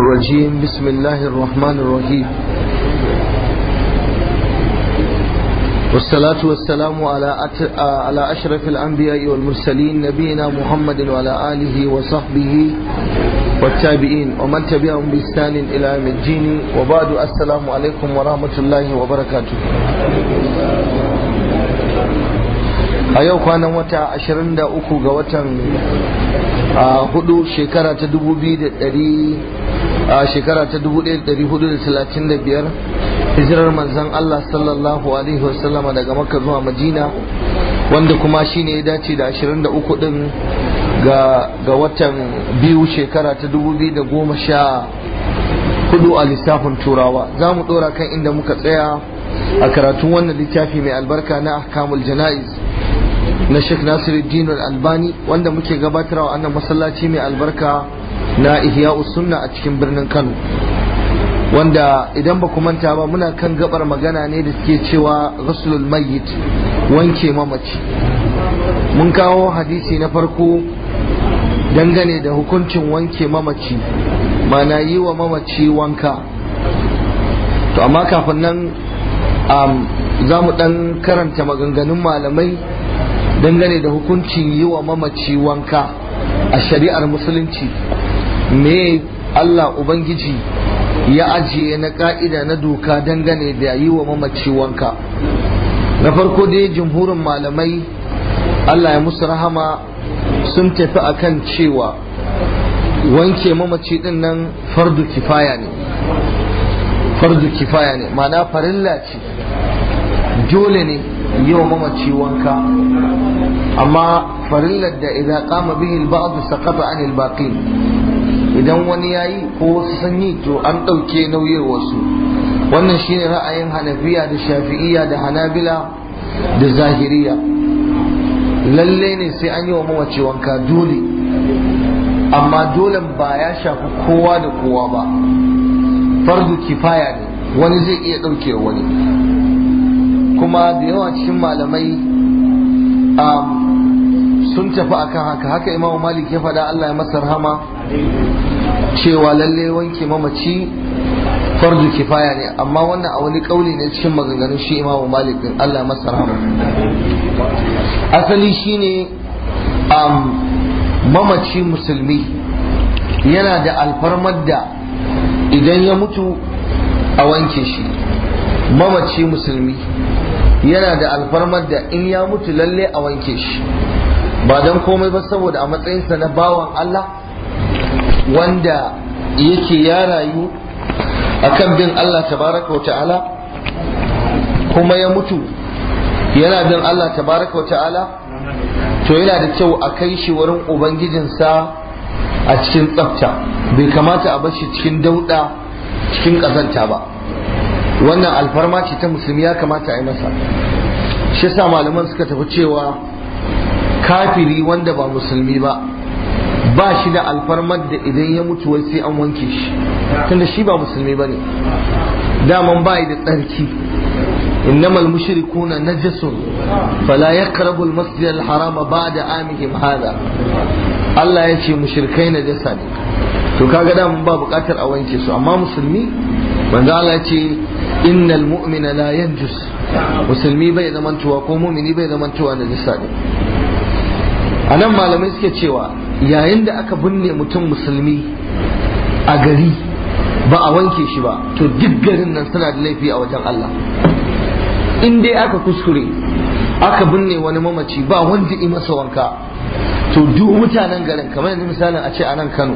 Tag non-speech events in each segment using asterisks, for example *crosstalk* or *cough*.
الرجيم بسم الله الرحمن الرحيم والصلاة والسلام على أت... على أشرف الأنبياء والمرسلين نبينا محمد وعلى آله وصحبه والتابعين ومن تبعهم بإحسان إلى يوم الدين وبعد السلام عليكم ورحمة الله وبركاته a yau kwanan wata 23 ga watan hudu shekara ta 2000 a shekara ta 1435 hijirar manzan Allah sallallahu alaihi wasallama daga makka zuwa madina wanda kuma shi ne ya dace da 23 din ga watan biyu shekara ta 2014 a lissafin turawa za mu dora kan inda muka tsaya a karatun wannan littafi mai albarka na kamul jana'iz na Sheikh nasiru albani wanda muke gabatarwa annan masallaci mai albarka na ihya sunna a cikin birnin Kano wanda idan ba ku manta ba muna kan gabar magana ne da suke cewa rasulul mayyit wanke mamaci mun kawo hadisi na farko dangane da hukuncin wanke mamaci mana yi wa mamaci wanka to amma kafin nan za mu dan karanta maganganun malamai dangane da hukuncin yi wa mamaci wanka a shari'ar musulunci me Allah Ubangiji ya ajiye na ka'ida na doka dangane da yi wa mamaci wanka na farko dai jumhurin malamai Allah ya musu rahama sun tafi akan cewa wanke mamaci din nan fardu kifaya ne fardu kifaya ne mana farilla ce dole ne yi wa mamaci wanka amma farillar da idan kama bihi ba'adu sakata an al idan wani ya yi ko wasu sanyi to an ɗauke nauyin wasu wannan shine ra'ayin hanafiya da shafi'iya da hanabila da zahiriya lalle ne sai an yi wa mawace wanka dole amma dole ba ya shafi kowa da kowa ba fardu kifaya ne wani zai iya ɗauke wani kuma da yawa cikin malamai sun tafi akan haka haka imamu malik ya faɗa allah ya masa rahama cewa lalle wanke mamaci fardu kifaya ne amma wannan a wani kauli ne cikin maganganun shi imamu malik din Allah masa rahama asali shine um, mamaci musulmi yana da alfarmar da idan ya mutu a wanke shi mamaci musulmi yana da alfarmar da in ya mutu lalle a wanke shi ba don komai ba saboda a matsayinsa na bawan Allah wanda yake ya rayu akan bin Allah tabaraka wa ta'ala kuma ya mutu yana bin Allah tabaraka wa ta'ala to yana da kyau a kai shi wurin ubangijinsa a cikin tsafta bai kamata a bashi cikin dauda cikin kazanta ba wannan alfarma ce ta musulmi ya kamata a yi masa shi sa malaman suka tafi cewa kafiri wanda ba musulmi ba ba shi da alfarmar da idan ya mutu wai sai an wanke shi tunda shi ba musulmi bane daman bai da tsarki innamal mushrikuna najasun fala yaqrabu al-masjid al-haram ba'da amihim hada Allah ya ce mushrikai najasa ne to kaga da mun ba bukatar a wanke su amma musulmi manzo Allah ya ce innal mu'mina la yanjus musulmi bai tuwa ko mu'mini bai tuwa najasa ne anan malamai suke cewa yayin da aka binne mutum musulmi a gari ba a wanke shi ba to duk garin nan suna da laifi a wajen Allah in dai aka kuskure aka binne wani mamaci ba wanda yi masa wanka to duk mutanen garin kamar yanzu misalin a ce a nan Kano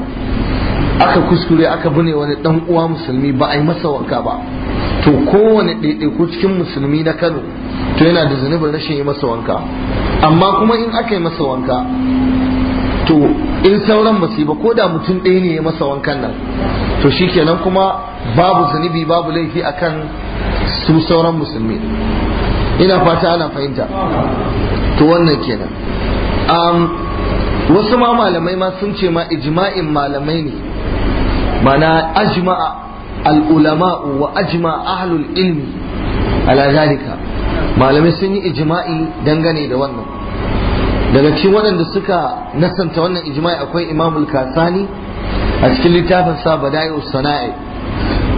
aka kuskure aka binne wani dan uwa musulmi ba a yi masa wanka ba to kowane ɗaiɗaiku cikin musulmi na Kano to yana da zunubin rashin yi masa wanka amma kuma in aka yi masa wanka to in sauran musiba ko da mutum ɗaya ne ya masa wankan nan to shikenan kuma babu zunubi babu laifi akan su sauran musulmi ina fata ana fahimta to wannan kenan wasu ma malamai ma sun ce ma ijma'in malamai ne mana ajma'a al'ulama'u wa ajma'a ahlul ilmi ala zalika malamai sun yi ijma'i dangane da wannan daga cikin waɗanda suka nasanta wannan ijma'i akwai imamul kasani a cikin littafin sa bada'i sana'i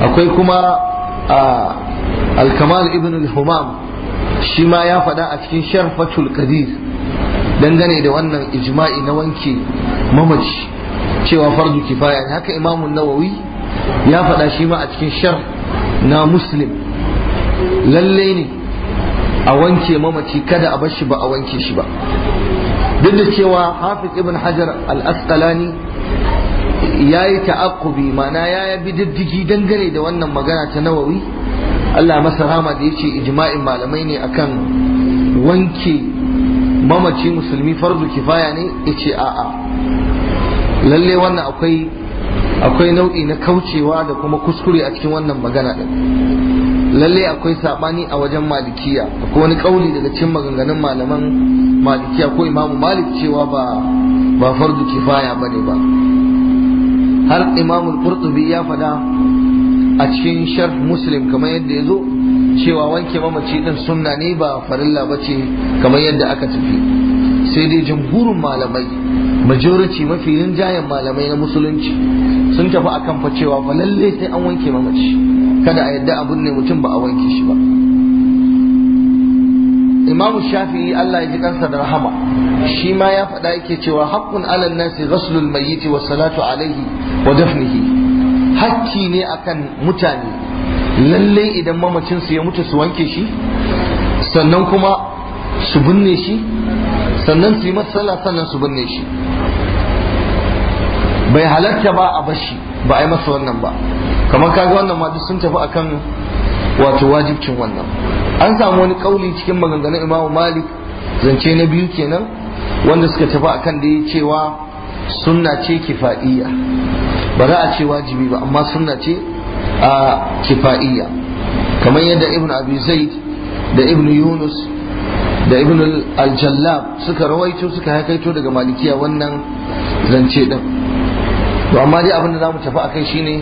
akwai kuma al-kamal ibn al-humam shi ma ya faɗa a cikin sharfatul qadir dangane da wannan ijma'i na wanke mamaci cewa fardu kifaya ne haka imamun nawawi ya faɗa shi ma a cikin shar na muslim lalle ne a wanke mamaci kada a bar shi ba a wanke shi ba duk da cewa hafiz ibn hajar al-asqalani ya yi ta'aqubi ma'ana ya bi diddigi dangane da wannan magana ta nawawi Allah masa rahama da yace ijma'in malamai ne akan wanke mamaci musulmi farzu kifaya ne yace a'a lalle wannan akwai akwai nau'i na kaucewa da kuma kuskure a cikin wannan magana din lalle akwai sabani a wajen malikiya akwai wani kauli daga cikin maganganun malaman malikiya ko imamu malik cewa ba ba fardu kifaya ne ba har imam qurtubi ya fada a cikin sharh muslim kamar yadda ya zo cewa wanke mamaci din sunna ne ba farilla ba ce kamar yadda aka tafi sai dai jamhurin malamai majority mafi rinjayen malamai na musulunci sun tafi akan fa cewa fa lalle sai an wanke mamaci kada a yadda abun ne mutum ba a wanke shi ba imamu shafi'i Allah ya ji kansa da rahama shi ma ya faɗa yake cewa haƙƙun alal nasi ghaslul mayyit wa salatu alaihi wa dafnihi hakki ne akan mutane lalle idan mamacin su ya mutu su wanke shi sannan kuma su binne shi sannan su yi masala sannan su binne shi bai halarta ba a bashi ba a yi masa wannan ba kamar kaga wannan ma duk sun tafi akan wato wajibcin wannan an samu wani kauli cikin maganganun imamu malik zance na biyu kenan wanda suka tafi akan da ya cewa sunna ce kifa'iyya ba za a ce wajibi ba amma sunna ce a kifa'iyya kamar yadda ibn abi zaid da ibn yunus da ibn al-jallab suka rawaito suka haikaito daga malikiya wannan zance din to amma dai abin da za mu tafi akai shine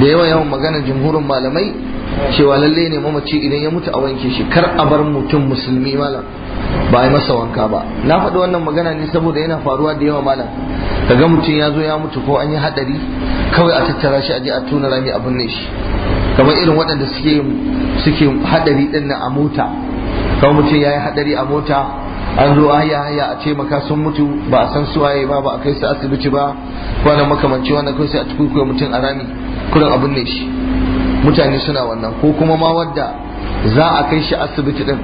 da yawan yawan maganar jumhurin malamai cewa lalle ne mamaci idan ya mutu a wanke shi kar a bar mutum musulmi malam ba yi masa wanka ba na faɗi wannan magana ne saboda yana faruwa da yawa malam kaga mutum ya zo ya mutu ko an yi hadari kawai a tattara shi a je a tona rami a binne shi kamar irin waɗanda suke suke haɗari ɗin a mota kawai mutum ya yi haɗari a mota an zo haya haya a ce maka sun mutu ba a san su waye ba ba a kai su asibiti ba ko makamanci wannan kai sai a tukukuwa mutum a rami kurin abin ne shi mutane suna wannan ko kuma ma wadda za a kai shi asibiti din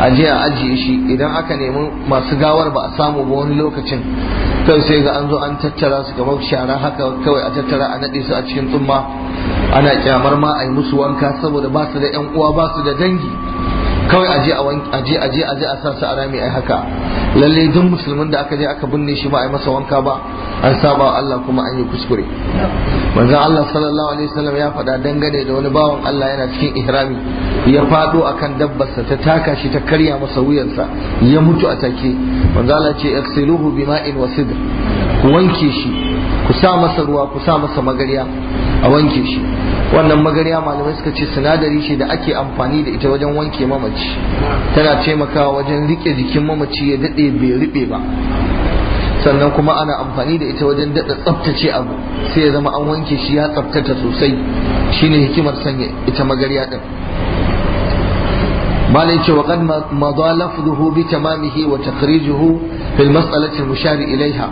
a je a ajiye shi idan aka nemi masu gawar ba a samu ba wani lokacin kai sai ga an zo an tattara su kamar shara haka kawai a tattara a naɗe su a cikin tsumma ana kyamar ma a yi musu wanka saboda ba su da yan uwa ba su da dangi kawai aje aje aje a sa su a rami ai haka lalle duk musulmin da aka je aka binne shi ba ai masa wanka ba an saba Allah kuma an yi kuskure manzon Allah sallallahu alaihi wasallam ya faɗa dangane da wani bawan Allah yana cikin ihrami ya faɗo akan dabbarsa ta taka shi ta karya masa wuyarsa ya mutu a take manzon Allah ce iksiluhu bima'in wasidr ku wanke shi ku sa masa ruwa ku sa masa magarya a wanke shi wannan magarya malamai suka ce sinadari ce da ake amfani da ita wajen wanke mamaci tana taimakawa wajen rike jikin mamaci ya daɗe bai riɓe ba sannan kuma ana amfani da ita wajen daɗa tsaftace abu sai ya zama an wanke shi ya tsaftata sosai shine hikimar sanya ita magarya ɗin malai ce wa qad madha lafzuhu bi tamamihi wa takhrijuhu fil mas'alati mushari ilaiha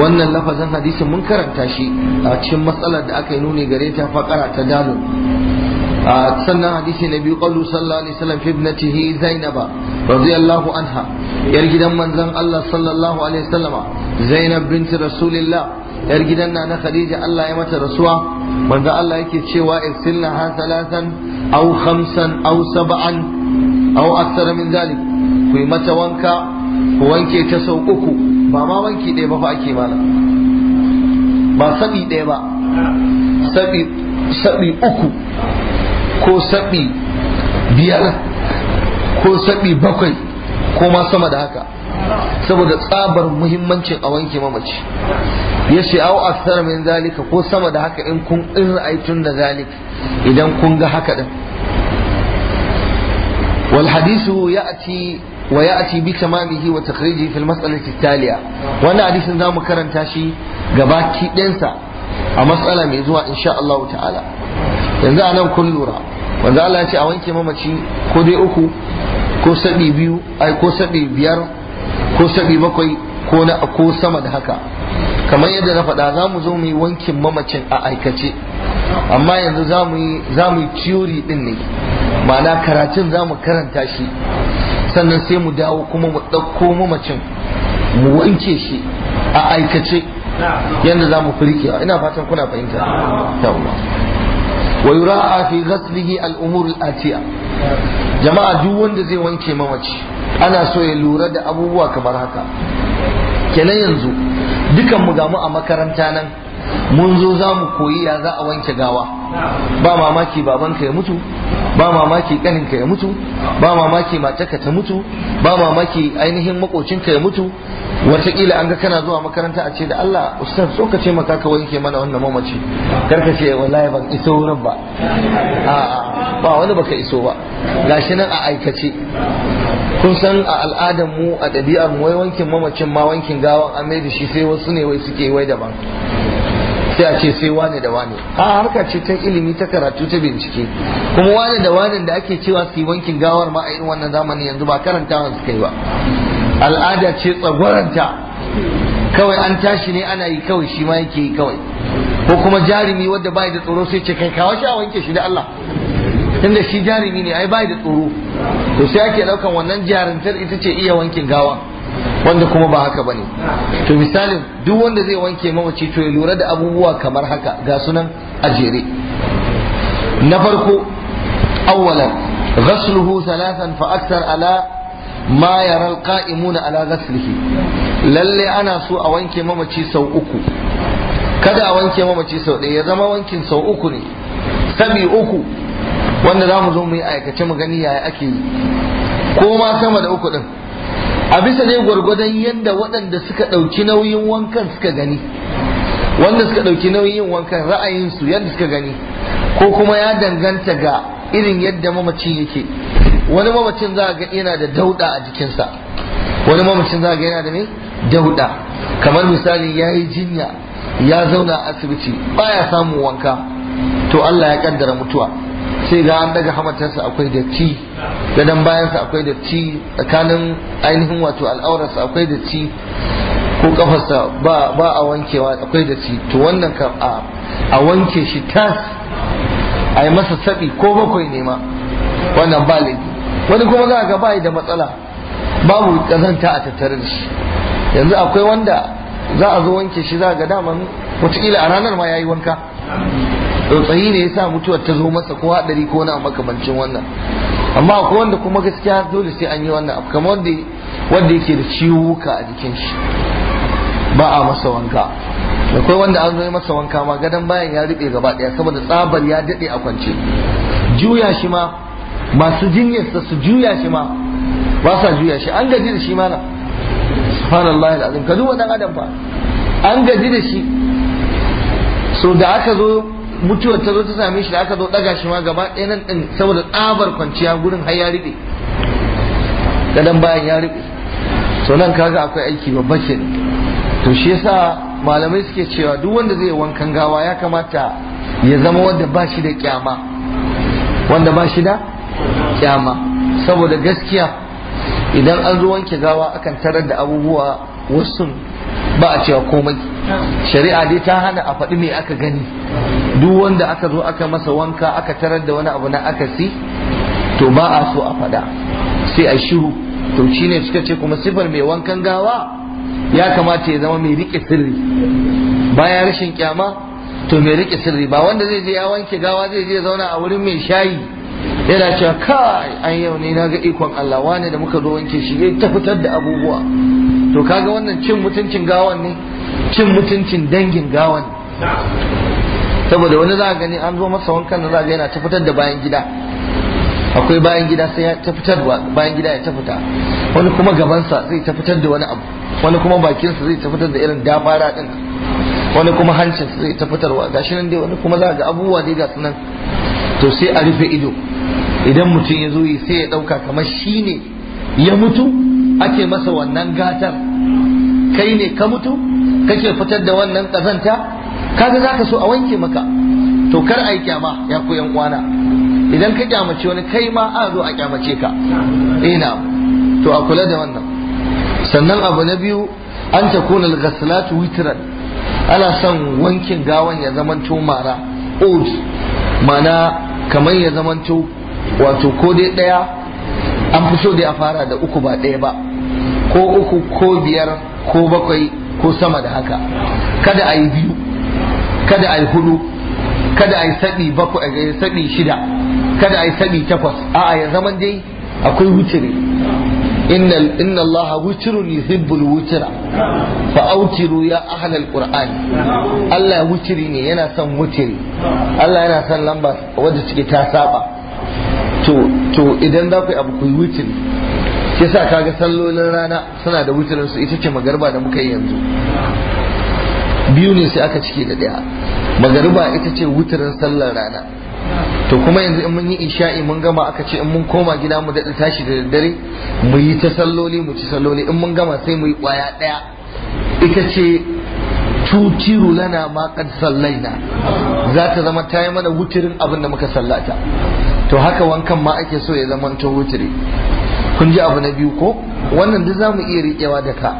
wannan lafazin hadisin mun karanta shi a cikin matsalar da aka yi nuni gare ta fakara ta dalu sannan hadisi na biyu qalu sallallahu alaihi wasallam fi ibnatihi zainaba radiyallahu anha yar gidan manzon Allah sallallahu alaihi wasallama zainab binti rasulillah yar gidan na na Khadija Allah ya mata rasuwa manzo Allah yake cewa in isilna ha salasan aw khamsan aw sab'an aw akthara من ذلك ku yi mata wanka ku wanke ta sau uku ba ma wanki ɗaya ba سبي ake mana ba سبي ɗaya ba سبي uku ko sabi biyar ko sabi bakwai ko ma sama da haka saboda tsabar muhimmancin a wanke mamaci ya ce au aksar min zalika ko sama da haka in kun in ra'aitun da zalik idan kun ga haka din والحديث يأتي ويأتي بكماله وتخريجه في المسألة التالية وانا حديث ذا مكرن تاشي قباكي دنسا مسألة ميزوها إن شاء الله تعالى yanzu a nan kun lura wanda Allah ya ce a wanke mamaci ko dai uku ko sabi biyu ai ko sabi biyar ko sabi bakwai ko sama da haka kamar yadda na faɗa za mu zo mu yi wankin mamacin a aikace amma yanzu za mu yi din ne ma'ana karatun za mu karanta shi sannan sai mu dawo kuma mu ɗauko mamacin mu wanke shi a aikace yadda za mu ina fatan kuna fahimta wa yura'a fi ghaslihi al'umur jama'a duk wanda zai wanke mamaci ana so ya lura da abubuwa kamar haka kenan yanzu dukan mu ga mu a makaranta nan mun zo za mu koyi ya za a wanke gawa ba mamaki babanka ya mutu ba mamaki kaninka ya mutu ba mamaki matarka ta mutu ba mamaki ainihin makocinka ya mutu wataƙila an ga kana zuwa makaranta a ce da Allah ustaz so ka ce maka ka wanke mana wannan mamaci karka ce wallahi ban iso wurin ba a'a ba wani baka iso ba gashi nan a aikace kun san a al'adar mu a ɗabi'ar mu wai wankin mamacin ma wankin gawan an da shi sai wasu ne wai suke wai daban sai a ce sai wane da wane a harka ce ta ilimi ta karatu ta bincike kuma wane da wane da ake cewa su yi wankin gawar ma a irin wannan zamani yanzu ba karantawan su kai ba al'ada ce tsagwaranta kawai an tashi ne ana yi kawai shi ma yake yi kawai ko kuma jarumi wanda bai da tsoro sai ce kai kawo shi a wanke shi da Allah tunda shi jarumi ne ai bai da tsoro to sai ake daukan wannan jarintar ita ce iya wankin gawa wanda kuma ba haka bane to misalin duk wanda zai wanke mamaci to ya lura da abubuwa kamar haka ga sunan a jere na farko awwalan ghasluhu salasan fa akthar ala ma yara alqa'imuna ala ghaslihi lalle ana so a wanke mamaci sau uku kada a wanke mamaci sau ɗaya ya zama wankin sau uku ne sabi uku wanda za mu zo mu yi aikace mu gani yaya ake yi ko ma sama da uku ɗin. a bisa ne gwargwadon yadda waɗanda suka ɗauki nauyin wankan suka gani wanda suka ɗauki nauyin wankan ra'ayinsu yadda suka gani ko kuma ya danganta ga irin yadda mamacin yake wani mamacin za ga yana da dauɗa a jikinsa wani mamacin za ga yana da mai dauɗa kamar misali ya yi jinya ya zauna a asibiti baya samun wanka to Allah ya kaddara mutuwa sai ga an daga hamatarsa akwai datti gadon bayansa akwai datti tsakanin ainihin wato al'aurarsa akwai datti ko kafarsa ba a wankewa akwai datti to wannan kam a wanke shi tas a yi masa sabi ko bakwai ne ma wannan ba laifi wani kuma za ga bai da matsala babu kazanta a tattare da shi yanzu akwai wanda za a zo wanke shi za ga daman wataƙila a ranar ma ya yi wanka tsotsayi ne ya sa mutuwar ta zo masa ko haɗari ko na makamancin wannan amma akwai wanda kuma gaskiya dole sai an yi wannan abu kamar wanda yake da ciwuka a jikin shi ba a masa wanka akwai wanda an zo masa wanka ma gadon bayan ya rube gaba daya saboda tsabar ya daɗe a kwance juya shi ma masu jinyar sa su juya shi ma ba sa juya shi an gaji da shi mana subhanallah alazim ka duba dan adam fa an gaji da shi so da aka zo mutuwar ta zo ta same shi da aka zo daga shi ma gaba ɗaya nan saboda tsabar kwanciya gurin har ya riɓe ɗan bayan ya riɓe to nan kaga akwai aiki babba ke to shi yasa malamai suke cewa duk wanda zai wankan gawa ya kamata ya zama wanda ba shi da kyama wanda ba shi da kyama saboda gaskiya idan an zo wanke gawa akan tarar da abubuwa wasu ba a cewa komai shari'a dai ta hana a faɗi me aka gani duk wanda aka zo aka masa wanka aka tarar da wani abu na akasi to ba a so a faɗa sai a shiru to shine suka ce kuma sifar mai wankan gawa ya kamata ya zama mai rike sirri bayan rashin kyama to mai rike sirri ba wanda zai je ya wanke gawa zai je zauna a wurin mai shayi yana cewa kai an yau ne na ga ikon Allah wane da muka zo wanke shi zai ta da abubuwa to kaga wannan cin mutuncin gawan ne cin mutuncin dangin gawan saboda wani za a gani an zo masa wankan nan za ga yana ta fitar da bayan gida akwai bayan gida sai ya ta fitarwa bayan gida ya ta fita wani kuma gabansa zai ta fitar da wani abu wani kuma bakinsa zai ta fitar da irin dabara din wani kuma hancin zai ta fitarwa gashi nan dai wani kuma za ga abubuwa dai ga sunan to sai a rufe ido idan mutum ya zo sai ya dauka kamar shi ne ya mutu ake masa wannan gatar kai ne ka mutu kake fitar da wannan kazanta? kaga zaka so a wanke maka to kar ai kyama ya ku yan uwana idan ka kyamace wani kai ma a zo a kyamace ka ina eh, to a kula da wannan sannan abu na biyu an ta kuna al-ghaslat witran ana son wankin gawan ya zamanto mara old mana kamar ya zamanto wato ko dai daya an fi so dai a fara da uku ba daya ba ko uku ko biyar ko bakwai ko sama da haka kada a yi biyu kada a yi hudu kada a yi saɓi eh, saɗi shida kada a yi takwas a'a ya zaman dai akwai wutiri inna allaha ni hibbul wutira fa autiru ya ahlal qur'ani Allah wutiri ne yana son wutiri Allah yana son lamba wadda take ta saba to to idan za ku abu ku yi yasa kaga sallolin rana suna da wutirin su ita ce magarba da muka yi yanzu biyu ne sai aka cike da daya magariba ita ce wutarin sallar rana to kuma yanzu in mun yi isha'i mun gama aka ce in mun koma gida mu daɗa tashi da daddare mu yi ta salloli mu ci salloli in mun gama sai mu yi ƙwaya ɗaya ita ce tutiru lana ma kad sallaina za ta zama ta yi mana wutirin abinda muka sallata to haka wankan ma ake so ya zama ta wutiri kun ji abu na biyu ko wannan duk za mu iya riƙewa da ka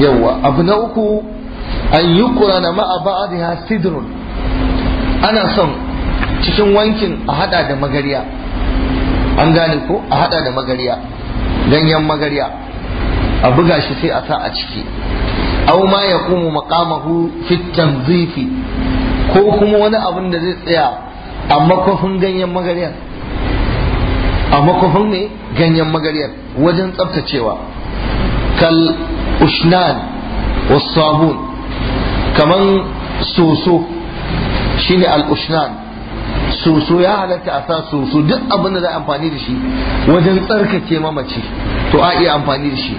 yawwa abu na uku an yi ƙurana ma'a ba'adiha sidrun ana son cikin wankin a hada da magariya an gane ko a hada da magariya ganyen magariya a buga shi sai a sa a ciki au ma ya kuma makamahu fi zifi ko kuma wani abin da zai tsaya a makofin ganyen magariyar a makofin ne ganyen magariyar wajen tsaftacewa kal ushnan was sabon. kaman soso shine al-ushnan soso ya halatta a sa soso duk abin da za amfani da shi wajen tsarkake mamaci to a iya amfani da shi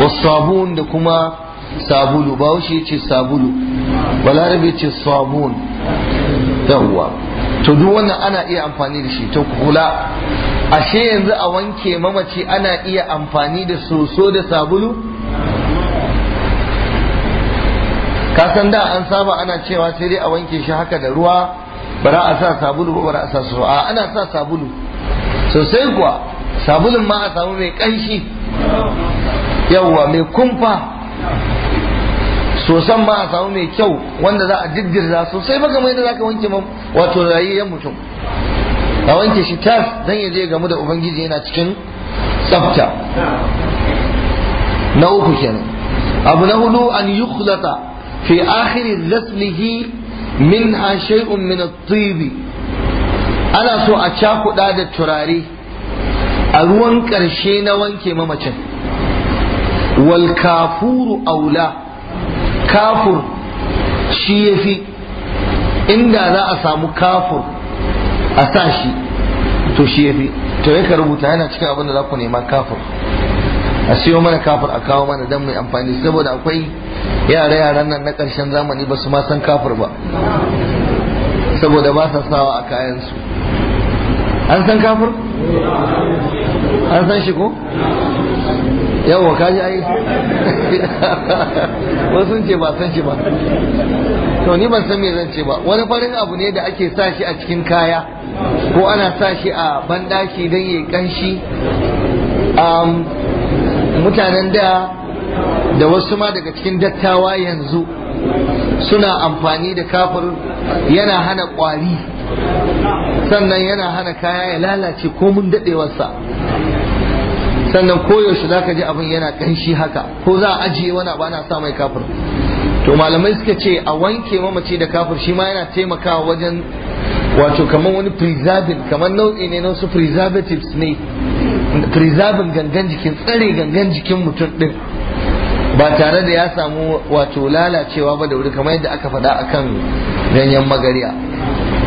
wasabun da kuma sabulu ba wuce ce sabulu balarabe ce sabun yawwa to duk wannan ana iya amfani da shi to kula ashe yanzu a wanke mamaci ana iya amfani da soso da sabulu ka san da an saba ana cewa sai dai a wanke shi haka da ruwa bara a sa sabulu ba bara a sa su a ana sa sabulu sosai kuwa sabulun ma a samu mai ƙanshi yawwa mai kumfa sosan ma a samu mai kyau wanda za a jiddirza sosai ba kamar yadda za ka wanke wato yan mutum a wanke shi tas don ya je gamu da ubangiji yana cikin tsafta na uku kenan abu na hudu an yukhlata في آخر ذسله منها شيء من الطيب أنا سو أشاكو دادة تراري أروان كرشين وان ممتن والكافور أولى كافر شيفي إن za a samu kafur a sa shi to shi ya fi to ya ka a siyo mana kafir a kawo mana don mai amfani saboda akwai yare yaran nan na ƙarshen zamani ba su ma san kafir ba saboda ba sa sawa a kayansu an san kafir an san shi ko yawa kaji ai *laughs* wasu ce ba san shi ba to ni ban san me zan ce ba wani farin abu ne da ake sa shi a cikin kaya ko ana sa shi a bandaki don yi kanshi um, mutanen da da wasu ma daga cikin dattawa yanzu suna amfani da kafir yana hana kwari sannan yana hana kaya ya lalace komun daɗewarsa sannan koyaushe za ka ji abin yana ƙanshi haka ko za a ajiye wani ba na sa mai kafir to malamai suka ce a wanke mamaci da kafir shi ma yana taimakawa wajen wato kamar wani preserving kamar nau'i ne na wasu preservatives ne preserving gangan jikin tsare gangan jikin mutum din ba tare da ya samu wato lalacewa ba da wuri kamar yadda aka faɗa kan ganyen magariya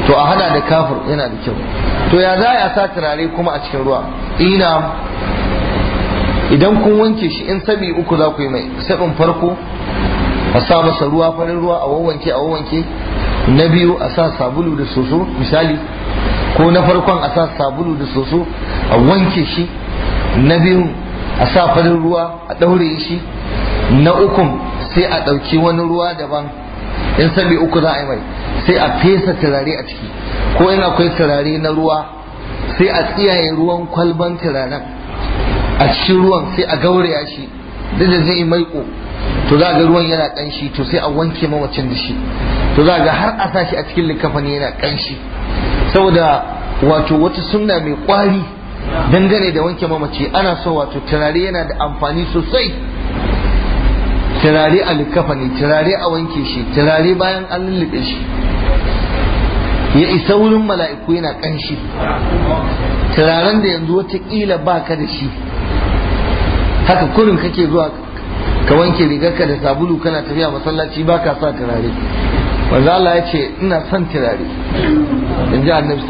to a hada da kafur yana da kyau to ya za a sa turare kuma a cikin ruwa ina idan kun wanke shi in sabi uku za ku yi mai sabin farko a sa masa ruwa farin ruwa a wawanke a wawanke na biyu a sa sabulu da soso misali ko na farkon a sa sabulu da soso a wanke shi na biyu a sa farin ruwa a ɗaure shi na ukun sai a ɗauki wani ruwa daban in sabi uku za a yi mai sai a fesa turare a ciki ko in akwai turare na ruwa sai a tsiyaye ruwan kwalban turaren a cikin ruwan sai a gauraya shi duk da zai maiko to za ga ruwan yana ƙanshi to sai a wanke mawacin da shi to za ga har a sa shi a cikin likafani yana ƙanshi saboda wato wata suna mai kwari dangane da wanke mamaci ana so wato turare yana da amfani sosai turare a likafani turare a wanke shi turare bayan an lullube shi ya isa wurin mala'iku yana kanshi turaren da yanzu watakila ba ka da shi haka kurin kake zuwa ka wanke rigarka da sabulu kana tafiya masallaci ba ka sa turare manzo Allah ya ce ina son turare in ji annabi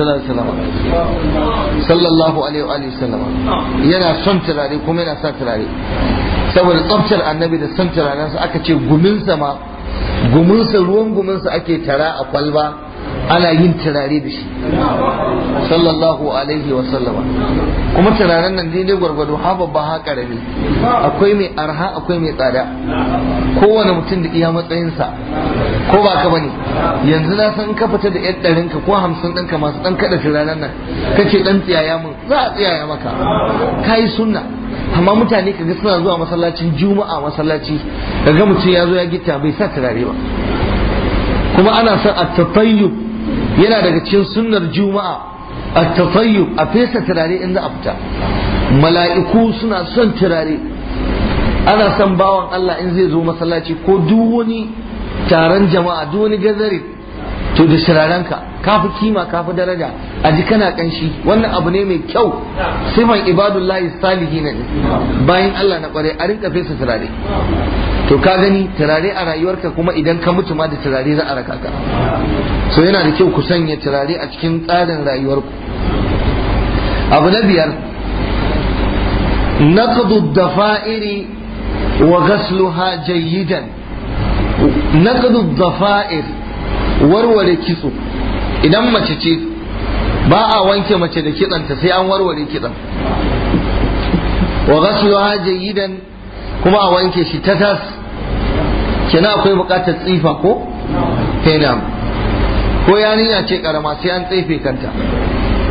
sallallahu alaihi yana son turare kuma yana sa turare saboda tsaftar annabi da son turarensa aka ce guminsa ma guminsa ruwan guminsa ake tara a kwalba ana yin turare da shi sallallahu alaihi wa sallama kuma turaren nan daidai gwargwado ha babba ha karami akwai mai arha akwai mai tsada kowane mutum da iya matsayinsa ko ba ka bane yanzu na san ka fita da yan ɗarin ka ko hamsin ka masu ɗan kaɗa turaren nan kace ɗan tsiyaya mun za a tsiyaya maka kayi sunna amma mutane kaga suna zuwa masallacin juma'a masallaci kaga mutum ya zo ya gita bai sa turare ba kuma ana son a tafayyub yana daga cikin sunnar juma'a a tafayyub a fesa turare in za a mala'iku suna son turare ana son bawan Allah in zai zo masallaci ko duk wani taron jama'a duk wani gazare to da shirarenka ka kafi kima kafi daraja a ji kana kanshi wannan abu ne mai kyau sifan ibadullahi salihi ne bayan Allah na kware a rinka fesa turare to ka gani turare a rayuwarka kuma idan ka mutu ma da turare za a raka ka so yana da kyau ku sanya turare a cikin tsarin rayuwarku abu na biyar naqdu dafa'iri wa ghasluha jayyidan naqdu dafa'ir warware kitso idan mace ce ba a wanke mace da kitsanta sai an warware kitsan wa ghasluha jayyidan kuma a wanke shi ta tas kina akwai bukatar tsifa ko kenan eh, ko yarinya ce karama sai an tsefe kanta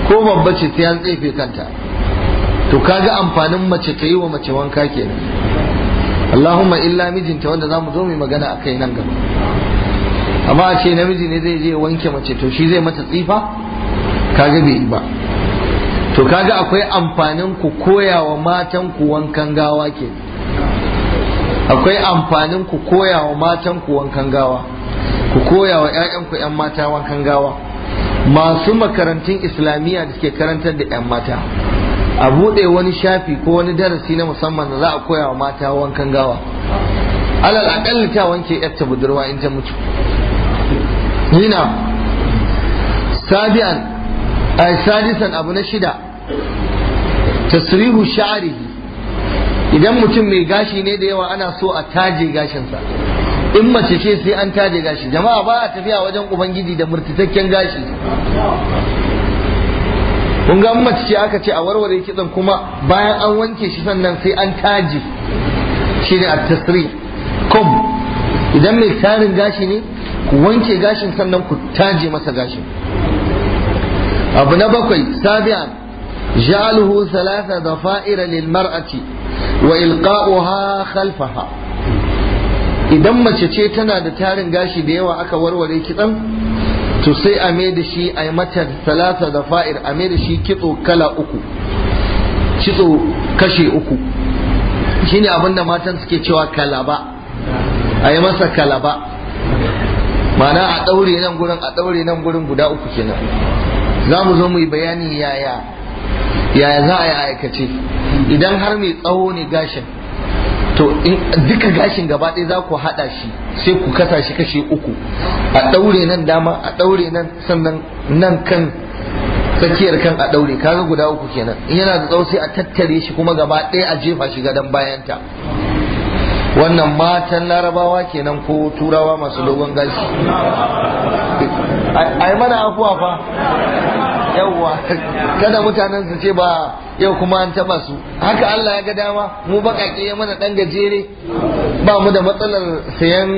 ko babba ce sai an tsefe kanta to kaga amfanin mace ta yi wa mace wanka kenan Allahumma illa mijinta wanda zamu zo mu magana akai nan gaba amma a ce namiji ne zai je wanke mace to shi zai mata tsifa kaga bai yi ba to kaga akwai amfanin ku koyawa matan ku wankan gawa kenan akwai amfanin ku koya wa matan ku wankan gawa ku koya wa ku 'yan mata wankan gawa masu makarantun islamiyya da suke karantar da 'yan mata a buɗe wani shafi ko wani darasi na musamman da za a koya wa mata wankan gawa alal aƙalli ta wanke yarta budurwa in ta mutu nina sadisan abu na shida tasrihu sha'rihi idan mutum mai gashi ne da yawa ana so a taje gashinsa in mace ce sai an taje gashi jama'a ba a tafiya wajen ubangiji da murtitakken gashi kun ga mace ce aka ce a warware kitsan kuma bayan an wanke shi sannan sai an taje shi ne a tasiri kom idan mai tarin gashi ne ku wanke gashin sannan ku taje masa gashin abu na bakwai sabiya ja'aluhu salasa da fa'ira lil mar'ati wa ilqa'uha khalfaha idan mace ce tana da tarin gashi da yawa aka warware kitsan to sai a mai da shi a yi mata salasa da fa'ir a mai da shi kitso kala uku kitso kashe uku shine abin da matan suke cewa kalaba a yi masa kalaba mana a ɗaure nan gurin a ɗaure nan gurin guda uku kenan za mu zo mu yi bayani yaya yaya za a yi aikace idan har mai tsawo ne gashin to duka gashin gaba ɗaya za ku haɗa shi sai ku kasa shi kashe uku a ɗaure nan dama a ɗaure nan sannan nan kan tsakiyar kan a ɗaure kaga guda uku kenan in yana da tsawo sai a tattare shi kuma gaba ɗaya a jefa shi gadon bayanta wannan matan larabawa kenan ko turawa masu dogon gashi ai mana afuwa fa yawwa kada mutanen su ce ba yau kuma an taba su haka Allah ya ga dama mu bakake ya mana dan gajere ba mu da matsalar sayan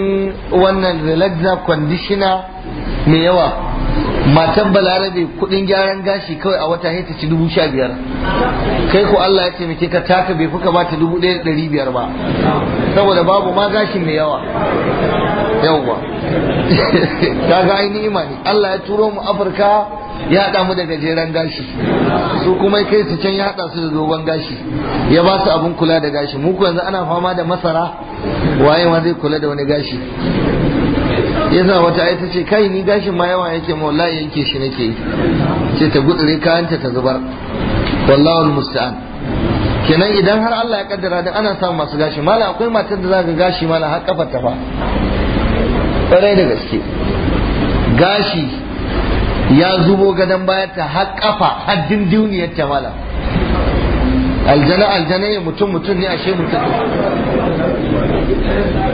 wannan relaxer conditioner mai yawa matan balarabe kudin gyaran gashi kawai a wata hita ci dubu sha kai ko Allah ya taimake ka taka bai fuka ba ta dubu ɗaya ɗari biyar ba saboda babu ma gashi mai yawa yawwa *laughs* ga ainihin imani Allah ya turo mu Afirka ya haɗa mu da gajeren gashi su kuma kai su can ya haɗa su da dogon gashi ya ba su abin kula da gashi mu yanzu ana fama da masara waye ma zai kula da wani gashi yasa wata ai ce kai ni gashin ma yawa yake ma wallahi yanke shi nake yi ce ta gudure kayanta ta zubar wallahu musta'an kenan idan har Allah ya kaddara da ana samun masu gashi mala akwai matar da zaka gashi mala har kafar ta fa kwarai da gaske gashi ya zubo gadon bayan ta har kafa har dindiniyar ta mala aljana aljana ya mutum mutum ne ashe mutum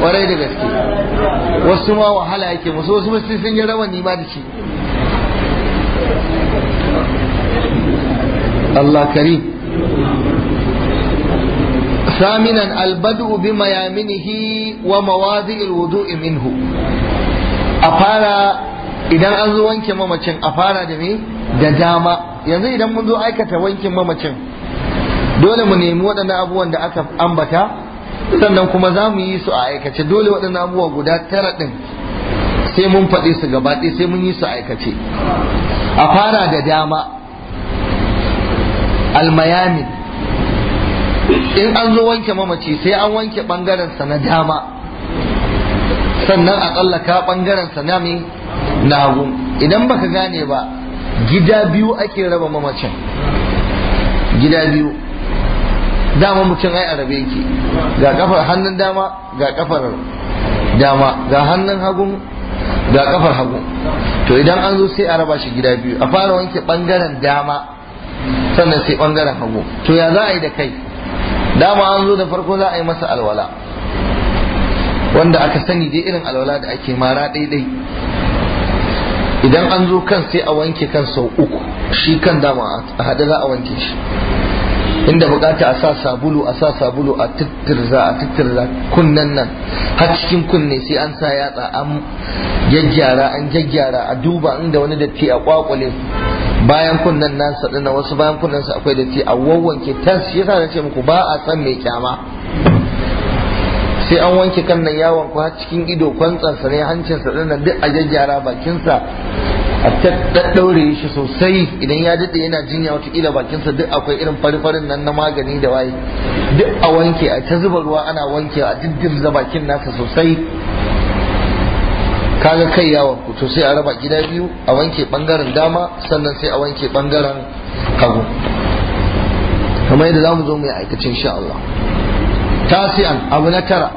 kwarai da gaske wasu ma wahala yake musu wasu musu sun yi rawan nima da shi Allah karim ثامنا البدء بميامنه ومواضع الوضوء A fara. idan an zo wanke mamacin a fara da me da dama yanzu idan mun zo aikata wankin mamacin dole mu nemi waɗannan abubuwan da aka ambata sannan kuma za mu yi su a aikace dole waɗannan abubuwa guda tara ɗin sai mun faɗi su gaba sai mun yi su aikace a fara da dama almayami in an zo wanke mamaci sai an wanke ɓangaren sa na dama sannan a tsallaka sa na me na hagu idan baka gane ba gida biyu ake raba mamacin gida biyu dama mutum ai a rabe yake ga kafar hannun dama ga kafar dama ga hannun hagun ga kafar hagu to idan an zo sai a raba shi gida biyu a fara wanke bangaren dama sannan sai bangaren hagu to ya za a yi da kai dama an zo da farko za a yi masa alwala wanda aka sani dai irin alwala da ake mara daidai idan an zo kan sai a wanke kan sau uku shi kan dama a hada za a wanke shi inda bukata a sa sabulu a sa sabulu a tittirza a tittirza kunnen nan har cikin kunne sai an sa yatsa an gyaggyara an gyaggyara a duba inda wani datti a kwakwale bayan kunnen nan sa wasu bayan kunnen sa akwai datti a wawwanke tas yasa na ce muku ba a san mai kyama sai an wanke kan nan yawon ku cikin ido sa ne hancin sa nan duk a jajjara bakinsa a daddaure shi sosai idan ya daɗe yana jinya wata watakila bakinsa duk akwai irin farfarin farin nan na magani da waye duk a wanke a ta zuba ruwa ana wanke a za bakin nasa sosai kaga kai yawon ku to sai a raba gida biyu a wanke bangaren dama sannan sai a wanke bangaren hagu kamar yadda za mu zo mu yi aikace insha Allah تاسعا abu نكرة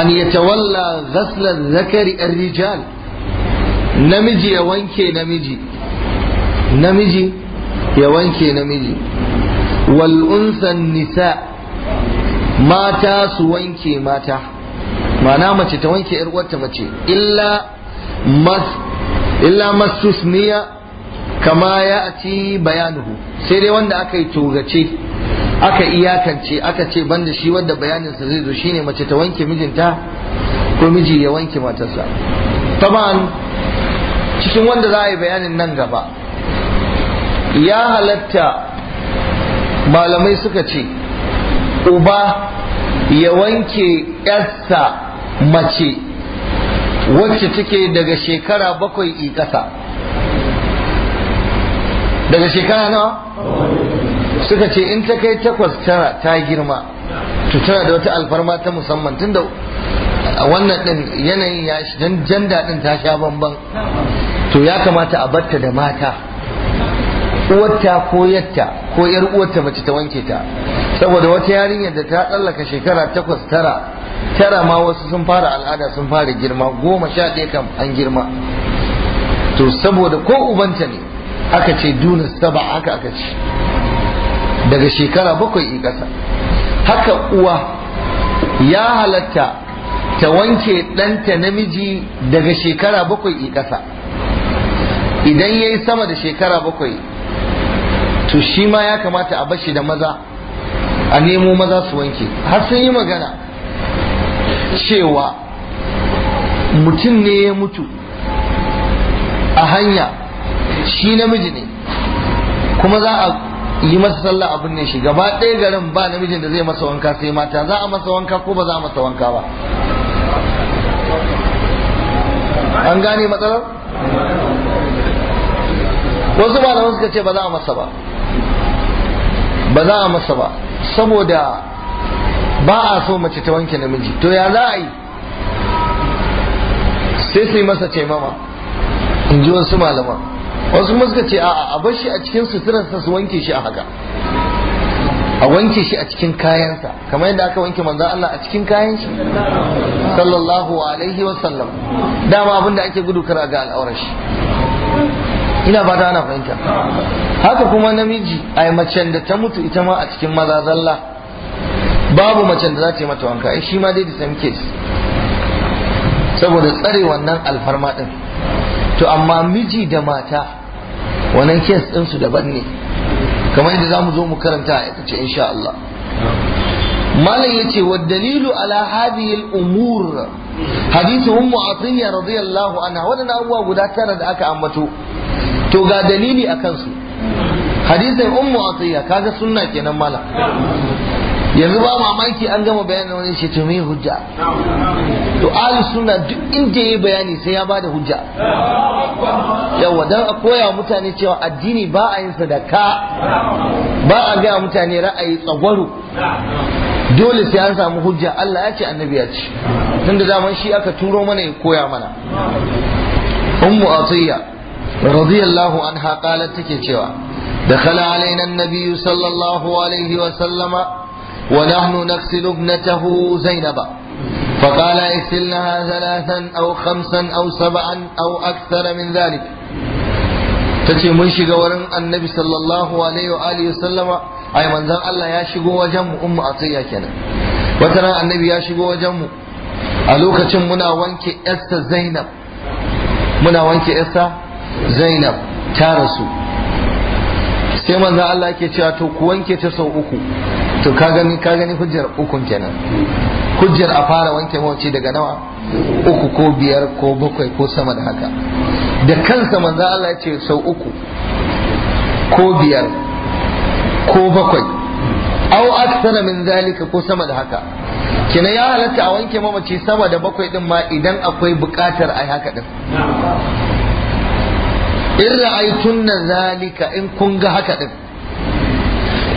أن يتولى غسل الذكر الرجال namiji ya wanke namiji namiji ya wanke namiji wal nisa mata su wanke mata mana mace ta wanke yar uwarta mace illa mas illa kama ya ci bayanuhu sai dai wanda aka yi aka iyakance aka ce banda shi wanda bayaninsa zai zo shine mace ta wanke mijinta ko miji ya wanke matarsa taban cikin wanda za a yi bayanin nan gaba ya halatta malamai suka ce uba ya wanke yarsa mace wacce take daga shekara bakwai i ƙasa daga shekara nawa suka ce in ta kai takwas tara ta girma to tana da wata alfarma ta musamman tunda wannan din yanayin ya jan din ta sha bamban to ya kamata a batta da mata uwarta ko yatta ko yar uwarta mace ta wanke ta saboda wata yarinyar da ta tsallaka shekara takwas tara tara ma wasu sun fara al'ada sun fara girma goma sha ɗaya kam an girma to saboda ko ubanta ne aka ce duna saba haka aka ce daga shekara bakwai in ƙasa haka uwa ya halatta ta wanke ɗanta namiji daga shekara bakwai in ƙasa idan ya sama da shekara bakwai to shi ma ya kamata a bashi da maza a nemo maza su wanke har sun yi magana cewa mutum ne ya mutu a hanya shi namiji ne kuma za a yi masa sallah abin ne shi gaba ɗaya garin ba namijin da zai masa wanka sai mata za a masa wanka ko ba za a masa wanka ba an gane matsalar wasu malaman suka ce ba za a masa ba ba za a masa ba saboda ba a so mace ta wanke namiji to ya za a yi sai su yi masa taimama in ji wasu malaman wasu muska ce a'a a bar shi a cikin suturarsa su wanke shi a haka a wanke shi a cikin kayansa kamar yadda aka wanke manzan Allah a cikin kayan shi sallallahu alaihi wa sallam dama abin da ake gudu kara ga al'aurar shi ina ba ana fahimta haka kuma namiji a macen da ta mutu ita ma a cikin maza zalla babu macen da za ta yi mata wanka ai shi ma dai da same case saboda tsare wannan alfarma din to amma miji da mata wannan kes ɗinsu daban ne kamar yadda za mu zo mu karanta a aikace insha Allah malam ya ce wa dalilu ala hadhihi al-umur hadithu ummu atiya radiyallahu anha wadannan abubuwa guda tara da aka ambato to ga dalili akan su hadithin ummu atiya kaga sunna kenan malam yanzu ba mamaki an gama bayanin wani shi to hujja to ahli sunna duk inda yayi bayani sai ya bada hujja yawa dan a koya mutane cewa addini ba a yin sadaka ba a ga mutane ra'ayi tsagwaro dole sai an samu hujja Allah ya ce annabi ya ce tunda zaman shi aka turo mana ya koya mana ummu atiya radiyallahu anha qalat take cewa دخل علينا النبي صلى الله عليه وسلم ونحن نغسل ابنته زينب فقال اغسلنها ثلاثا أو خمسا أو سبعا أو أكثر من ذلك tace mun shiga wurin annabi sallallahu alaihi wa alihi sallama ai manzon Allah ya shigo wajen mu ummu atiya kenan wata ran annabi ya shigo wajen mu a lokacin muna wanke Esther Zainab muna wanke Esther Zainab ta rasu sai manzon Allah yake cewa to ku wanke ta sau uku to ka gani ka gani hujjar ukun kenan hujjar a fara wanke mawaci daga nawa uku ko biyar ko bakwai ko sama da haka da kansa manzo Allah ce sau uku ko biyar ko bakwai au aksana min zalika ko sama da haka kina ya halatta a wanke mamaci sama da bakwai din ma idan akwai bukatar ai haka din in ra'aytunna zalika in kun ga haka din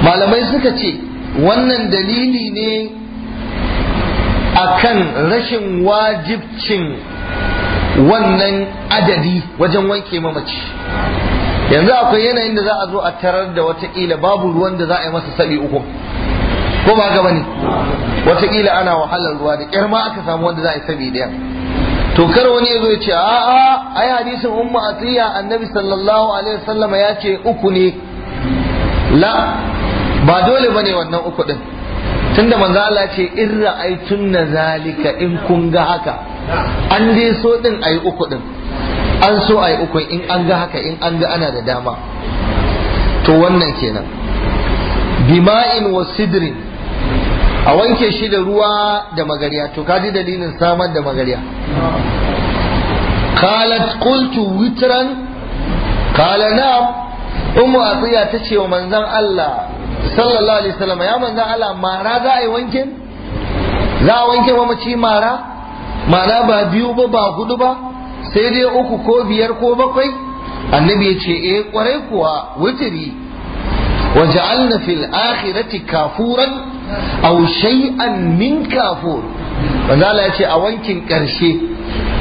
malamai suka ce wannan dalili ne akan rashin wajibcin wannan adadi wajen wanke mamaci yanzu akwai yanayin da za a zo a tarar da watakila babu ruwan da za a yi masa sabi uku ko ba gaba ne watakila ana wahalar ruwa da kyar ma aka samu wanda za a yi sabi ɗaya to kar wani ya zo ya ce a a ai hadisin umma atiya annabi sallallahu alaihi wasallama ya ce uku ne la ba dole bane wannan uku din tunda manzo Allah ce in ra'aytun na zalika in kun ga haka an dai so din ayi uku din an so ayi uku in an ga haka in an ga ana da dama to wannan kenan bima'in wa sidrin a wanke shi da ruwa da magariya to kaji dalilin samar da magariya kalat qultu witran kala na'am ummu abiya tace wa manzon Allah sallallahu alaihi wasallam ya manzo Allah mara za a yi wankin za a wanke mamaci mara mara ba biyu ba ba hudu ba sai dai uku ko biyar ko bakwai annabi ya ce eh kwarai kuwa wutiri wa ja'alna fil akhirati kafuran aw shay'an min kafur manzo Allah ya ce a wankin karshe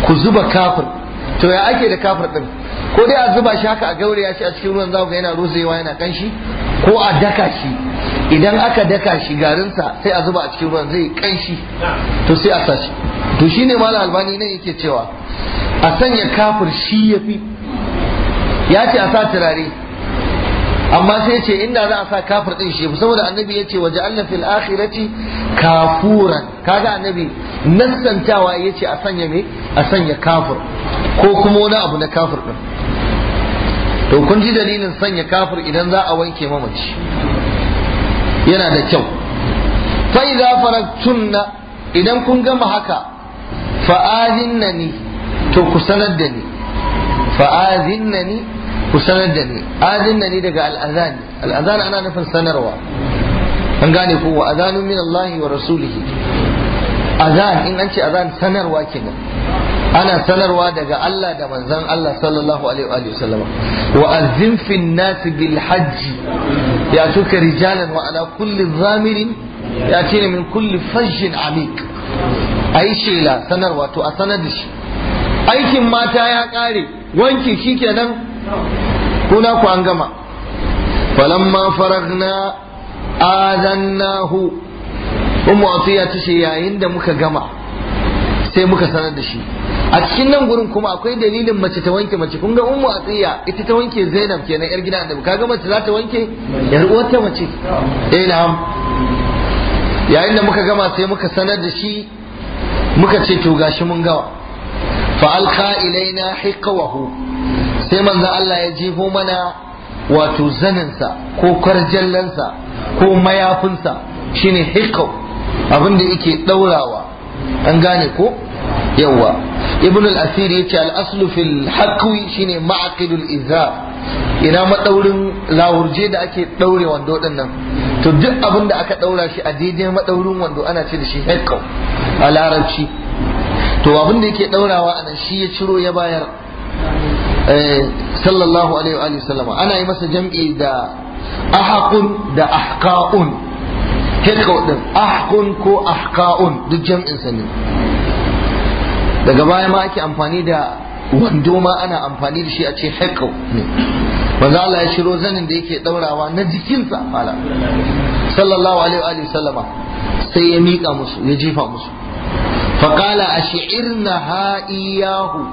ku zuba kafir to ya ake da kafir din ko dai a zuba shi haka a gauraya shi a cikin ruwan zaku yana rusewa yana kanshi ko a daka shi idan aka daka shi garinsa sai a zuba a cikin ruwan zai kanshi to sai a sashi to shine mala albani ne yake cewa a sanya kafir shi ya fi. ya ce a sa turare amma sai ce inda za a sa kafir din shi saboda annabi ya ce waje Allah fil akhirati kafuran kaga annabi nassantawa ya ce a sanya me a sanya kafir ko kuma wani abu na kafir din to kun ji dalilin sanya kafir idan za a wanke mamaci yana da kyau fa idza faragtunna idan kun gama haka fa ni to ku sanar da ni fa ni ku sanar da ni azinna ni daga al'azan al'azan ana nufin sanarwa an gane ko wa azanun min Allah wa rasulihi azan in an ce azan sanarwa kenan ana sanarwa daga Allah da manzan Allah sallallahu alaihi wa sallama wa azim fi nasi bil hajj ya tuka rijalan wa ala kulli zamirin ya ce min kulli fajjin amik ai shela sanarwa to a sanar da shi aikin mata ya kare wanki shikenan kuna ku an gama falamma faragna azannahu ummu atiya tace yayin da muka gama sai muka sanar da shi a cikin nan gurin kuma akwai dalilin mace ta wanke mace kun ga ummu atiya ita ta wanke zainab kenan yar gidan annabi kaga mace za ta wanke yar ta mace eh na'am yayin da muka gama sai muka sanar da shi muka ce to gashi mun gawa fa alqa ilaina hiqawahu sai manzo Allah ya jefo mana wato zanin sa. ko kwarjallansa ko mayafinsa shine hiqaw abin da yake daurawa an gane ko yawa ibn al-asir yace al-aslu fil haqwi shine ma'aqidul izar ina madaurin lahurje da ake daure wando din nan to duk abin da aka daura shi a daidai madaurin wando ana ce da shi haqqa a larabci to abin da yake daurawa anan shi ya ciro ya bayar eh, sallallahu alaihi wa sallama ana yi masa jam'i da ahaqun da ahqaun haqqa din ahqun ko ahqaun duk jam'in sa ne daga baya ma ake amfani da wando ma ana amfani da shi a ce haikau ne manzo Allah ya shiro zanin da yake daurawa na jikinsa mala sallallahu alaihi wa alihi sallama sai ya mika musu ya jefa musu faqala ashirna ha iyahu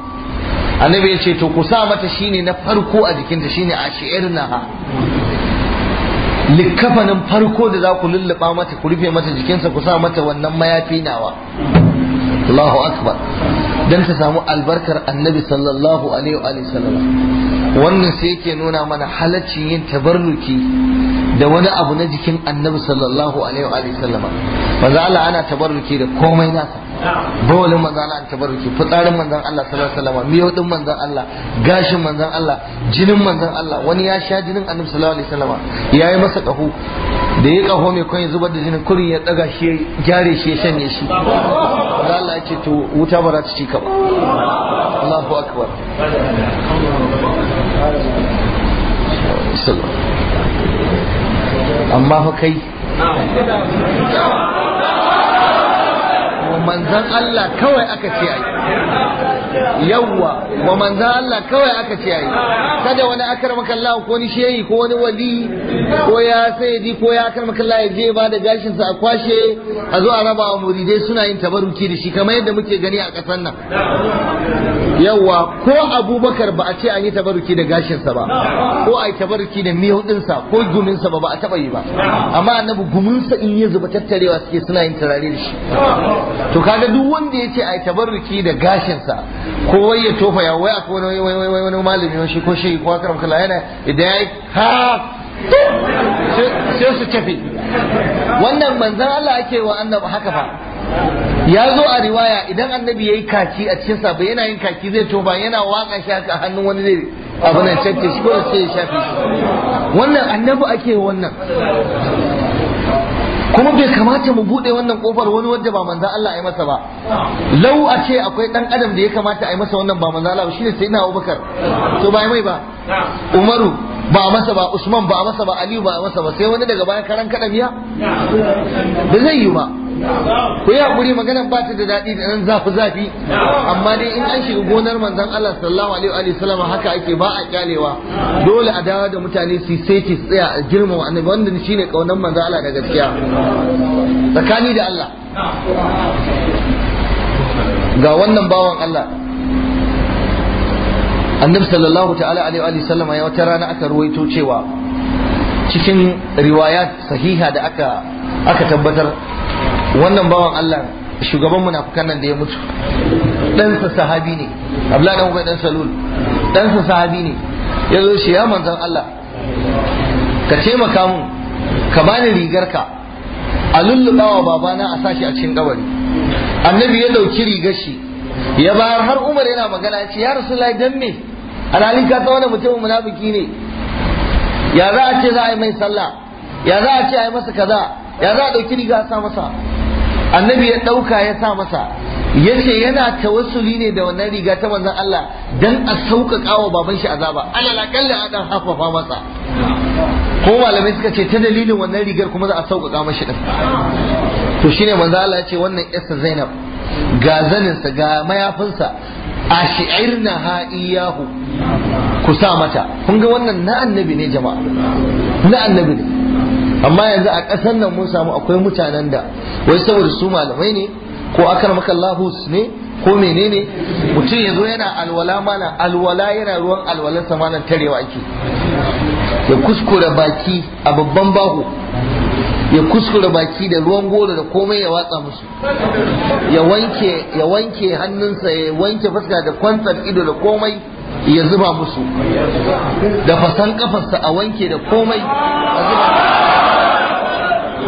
annabi ya ce to ku sa mata shine na farko a jikinta shine ashirna ha Likafanin farko da za ku lulluɓa mata ku rufe mata jikinsa ku sa mata wannan mayafi nawa Allahu akbar dan ta samu albarkar annabi sallallahu alaihi wa sallam wannan sai yake nuna mana halaccin yin tabarnuki da wani abu na jikin annabi sallallahu alaihi wa sallama manzo Allah ana tabarruki da komai nasa bawalin manzo Allah ana tabarruki fitsarin manzan Allah sallallahu alaihi wa sallama miyau din manzan Allah gashin manzan Allah jinin manzan Allah wani ya sha jinin annabi sallallahu alaihi wa sallama yayi masa kahu da ya kaho mai kwan zubar da jinin kurin ya daga shi ya gyare shi ya shanye shi manzo Allah ya ce to wuta ba za ta ci ka ba Allahu akbar sallallahu amma fa kai manzan Allah kawai aka ce ai yawwa wa manza Allah kawai aka ce yayi kada wani akarmaka Allah ko wani shehi ko wani wali ko ya sayyidi ko ya akarmaka Allah ya je ba da gashin sa a kwashe a zo a raba wa muridai suna yin tabaruki da shi kamar yadda muke gani a kasar nan yawwa ko Abubakar ba a ce an yi tabaruki da gashin sa ba ko a yi tabaruki da mihudin sa ko gumin sa ba ba a taba yi ba amma annabi gumin sa in ya zuba tattarewa suke suna yin turare da shi to kaga duk wanda ya ce a yi tabaruki da gashin sa ko wai ya tofa ya wai akwai wani wai wai wani malami wani shi ko shi ko akram kala yana idan yi ha sai su tafi wannan manzan Allah ake wa annabi haka fa ya zo a riwaya idan annabi yi kaci a cikin sa yana yin kaki zai tofa yana waka shi haka hannun wani zai abu nan cakke shi ko sai ya shafi shi wannan annabi ake wannan kuma bai kamata mu bude wannan kofar wani wanda ba manzan Allah ya masa ba lau a ce akwai dan adam da ya kamata a masa wannan ba manzan Allah sai na Abubakar to ba mai ba Umaru ba a masa ba Usman ba a masa ba Aliyu ba a masa ba sai wani daga bayan karan kadamiya da zai yi ba ku yi haƙuri maganar ba ta da daɗi da nan zafi zafi amma dai in an shiga gonar manzan Allah sallallahu alaihi wa sallam haka ake ba a kyalewa dole a dawo da mutane su sai ki tsaya a girmama annabi wanda shine kaunar manzan Allah da gaskiya tsakani da Allah ga wannan bawan Allah annabi sallallahu ta'ala alaihi wa sallama ya wata rana aka ruwaito cewa cikin riwayat sahiha da aka aka tabbatar wannan bawan Allah shugaban munafukan nan da ya mutu ɗansa sahabi ne abdullahi dan ubai dan salul ɗansa sahabi ne ya zo shi ya manzan Allah ka taimaka mun ka bani rigarka a wa babana a sashi a cikin kabari annabi ya ɗauki rigar shi ya bayar har umar yana magana ya ce ya rasulullahi dan me alhali ka ta mutumin munafiki ne ya za a ce za a yi mai sallah ya za a ce a yi masa kaza ya za a ɗauki riga a sa masa annabi ya ɗauka ya sa masa ya ce yana tawassuli ne da wannan riga ta manzon Allah dan a sauƙaƙa wa baban shi azaba alala kalla a dan hafafa masa ko malamai suka ce ta dalilin wannan rigar kuma za a sauƙaƙa mashi din to shine manzon Allah ya ce wannan yasa Zainab ga zaninsa ga mayafinsa a shi'irna ha iyahu ku sa mata kun ga wannan na annabi ne jama'a na annabi ne amma yanzu a ƙasar nan mun samu akwai mutanen da wai saboda su malamai ne ko akar maka lahus ne ko menene mutum ya zo yana alwala mana alwala yana ruwan alwalarsa malam tarewa ake ya kuskura baki a babban baho ya kuskura baki da ruwan goro da komai ya watsa musu ya wanke hannunsa ya wanke fuska da kwantsar ido da komai ya zuba musu da fasan kafarsa a wanke da komai a zuba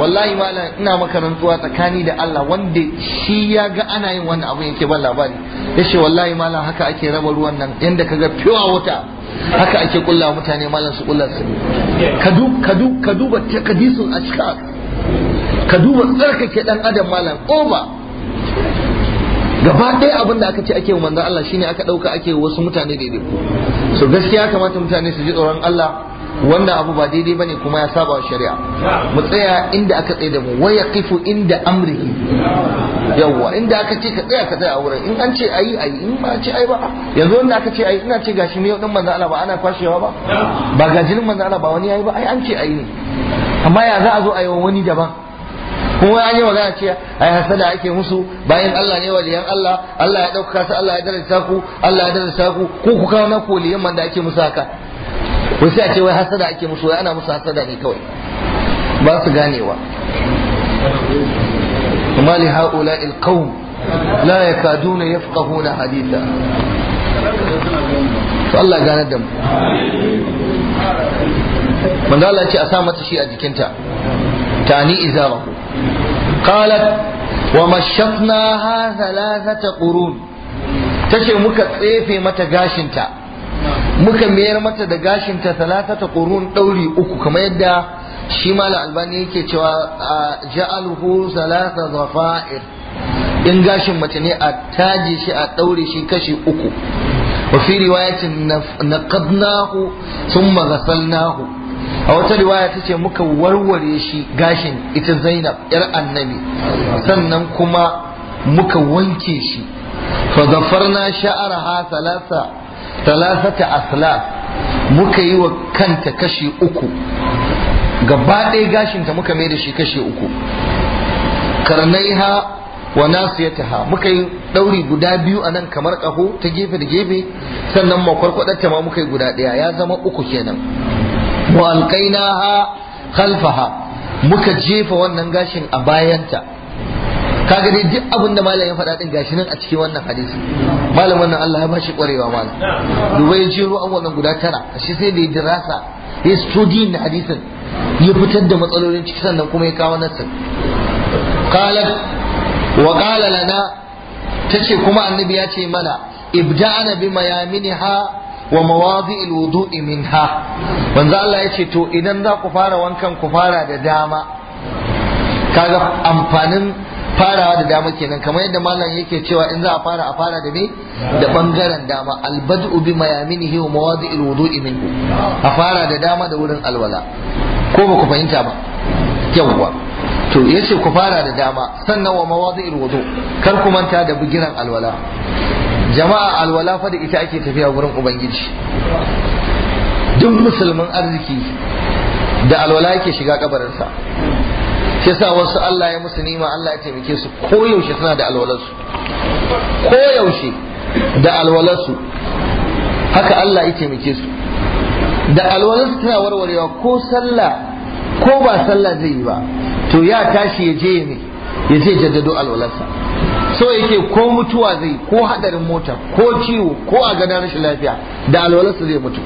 wallahi malam ina maka rantsuwa tsakani da Allah wanda shi ya ga ana yin wannan abu yake ban labari yace wallahi malam haka ake raba ruwan nan yanda kaga pure water haka ake kulla mutane malam su kulla su ka dub ka dub ka duba takadisun ashkar ka duba tsarkake dan adam malam ba. gaba ɗaya abin da aka ce ake manzan Allah shine aka ɗauka ake wasu mutane daidai so gaskiya kamata mutane su ji tsoron Allah wannan abu ba daidai bane kuma ya saba wa shari'a mu tsaya inda aka tsaye da mu wa yaqifu inda amrihi yawa inda aka ce ka tsaya ka tsaya a wurin in an ce ayi ayi in ba ce ayi ba yanzu wanda aka ce ayi ina ce gashi ne din manzan Allah ba ana kwashewa ba ba gajinin manzan Allah ba wani yayi ba ai an ce ayi ne amma ya za a zo ayi wani daban kuma an yi magana ce ai hasada ake musu bayan Allah ne waliyan Allah Allah ya dauka su Allah ya daraja ku Allah ya daraja ku ko ku kawo na koliyan man da ake musu haka ko sai a ce wai hasada ake musu wai ana musu hasada ne kawai ba su ganewa kuma li haula il qaum la yakaduna yafqahuna haditha to Allah ganar da mu manzo Allah ce a sa mata shi a jikinta tani izarahu qalat wa mashafnaha thalathata qurun tace muka tsefe mata gashinta muka mayar mata da gashinta thalathata qurun dauri uku kamar yadda shi mala albani yake cewa ja'alhu thalatha dhafa'ir in gashin mace ne a taje shi a daure shi kashi uku wa fi riwayatin naqadnahu thumma ghasalnahu a wata riwaya ta ce muka warware shi gashin ita zainab yar annabi sannan kuma muka wanke shi fa zafarna ha talata aslas muka yi wa kanta kashi uku gaba ɗaya gashinta muka mai da shi kashi uku karnaiha wa ha muka yi ɗauri guda biyu a nan kamar ƙaho ta gefe da gefe sannan makwarkwadarta ma muka yi guda ɗaya ya zama uku kenan wa alqainaha khalfaha muka jefa wannan gashin a bayanta kaga dai duk abin da malamin ya faɗa din gashi nan a cikin wannan hadisi Malamin nan Allah ya bashi kwarewa malam Duba ya jiro wannan guda tara shi sai da ya dirasa ya studi na hadisin ya fitar da matsalolin ciki sannan kuma ya kawo nasir qalat wa qala lana tace kuma annabi ya ce mana ibda'ana bi ha wa mawadi'il wudu'i minha wanzu Allah ce to idan za ku fara wankan ku fara da dama kaga amfanin farawa da dama kenan kamar yadda malam yake cewa in za a fara a fara da me da bangaren dama albad'u bi mayaminihi wa mawadi wudu'i minhu a fara da dama da wurin alwala ko ba ku fahimta ba yawwa to yace ku fara da dama sannan wa mawadi wudu kar ku manta da bugiran alwala jama'a alwala fa da ita ake tafiya gurin ubangiji duk musulmin arziki da alwala yake shiga kabarinsa shi sa wasu Allah ya musu nima Allah ya taimake su koyaushe suna da alwalarsu koyaushe da alwalarsu haka Allah ya taimake su da alwalarsu tana warwarewa ko sallah ko ba sallah zai yi ba to ya tashi ya je ne ya je jaddado alwalarsa so yake ko mutuwa zai ko hadarin mota ko ciwo ko a gada rashin lafiya da alwalarsa zai mutu